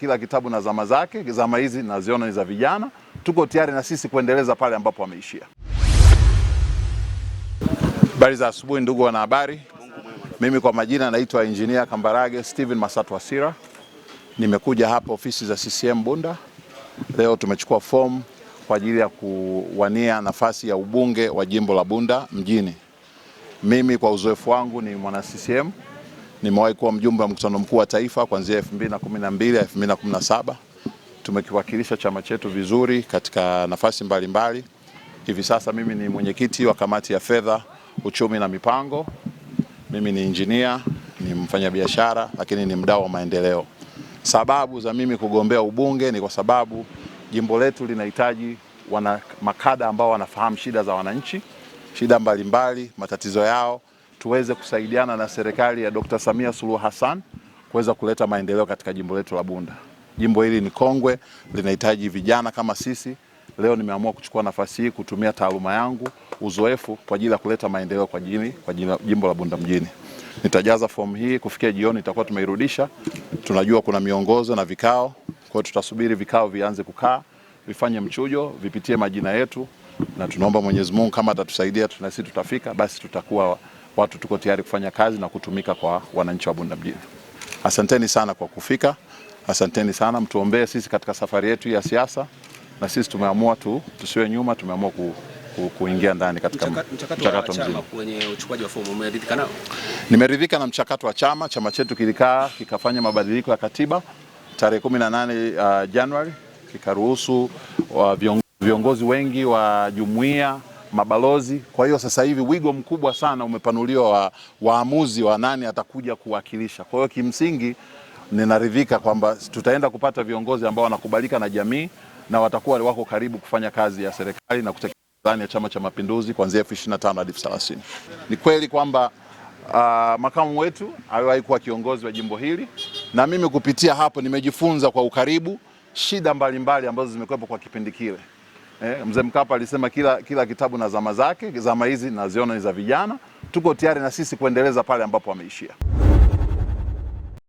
kila kitabu na zama zake. Zama hizi naziona ni za vijana, tuko tayari na sisi kuendeleza pale ambapo wameishia. Habari za asubuhi, ndugu wanahabari. Mimi kwa majina naitwa Engineer Kambarage Steven Masatu Asira. Nimekuja hapa ofisi za CCM Bunda. Leo tumechukua fomu kwa ajili ya kuwania nafasi ya ubunge wa jimbo la Bunda mjini. Mimi kwa uzoefu wangu ni mwana CCM Nimewahi kuwa mjumbe wa mkutano mkuu wa taifa kuanzia 2012 2017. Tumekiwakilisha chama chetu vizuri katika nafasi mbalimbali mbali. Hivi sasa mimi ni mwenyekiti wa kamati ya fedha, uchumi na mipango. Mimi ni injinia, ni mfanyabiashara lakini ni mdau wa maendeleo. Sababu za mimi kugombea ubunge ni kwa sababu jimbo letu linahitaji wana makada ambao wanafahamu shida za wananchi, shida mbalimbali mbali, matatizo yao tuweze kusaidiana na serikali ya Dr. Samia Suluhu Hassan kuweza kuleta maendeleo katika jimbo letu la Bunda. Jimbo hili ni kongwe, linahitaji vijana kama sisi. Leo nimeamua kuchukua nafasi hii kutumia taaluma yangu, uzoefu kwa ajili ya kuleta maendeleo kwa jini, kwa jini, jimbo la Bunda mjini. Nitajaza fomu hii kufikia jioni itakuwa tumeirudisha. Tunajua kuna miongozo na vikao, kwa hiyo tutasubiri vikao vianze kukaa, vifanye mchujo, vipitie majina yetu na tunaomba Mwenyezi Mungu kama atatusaidia, tunasi tutafika, basi tutakuwa watu tuko tayari kufanya kazi na kutumika kwa wananchi wa Bunda mjini. Asanteni sana kwa kufika, asanteni sana mtuombee sisi katika safari yetu ya siasa, na sisi tumeamua tu tusiwe nyuma, tumeamua ku, ku, kuingia ndani katika mchakato mzima kwenye uchukuaji wa fomu. Umeridhika nao? Nimeridhika na mchakato wa chama. Chama chetu kilikaa kikafanya mabadiliko ya katiba tarehe 18 uh, Januari kikaruhusu uh, viongozi wengi wa jumuiya mabalozi. Kwa hiyo sasa hivi wigo mkubwa sana umepanuliwa wa waamuzi wa nani atakuja kuwakilisha. Kwa hiyo kimsingi ninaridhika kwamba tutaenda kupata viongozi ambao wanakubalika na jamii na watakuwa wako karibu kufanya kazi ya serikali na kutekeleza ya Chama cha Mapinduzi kuanzia elfu ishirini na tano hadi elfu thelathini. Ni kweli kwamba uh, makamu wetu aliwahi kuwa kiongozi wa jimbo hili na mimi kupitia hapo nimejifunza kwa ukaribu shida mbalimbali mbali ambazo zimekuwepo kwa kipindi kile. Eh, mzee Mkapa alisema kila, kila kitabu na zama zake. Zama hizi naziona ni za vijana, tuko tayari na sisi kuendeleza pale ambapo ameishia.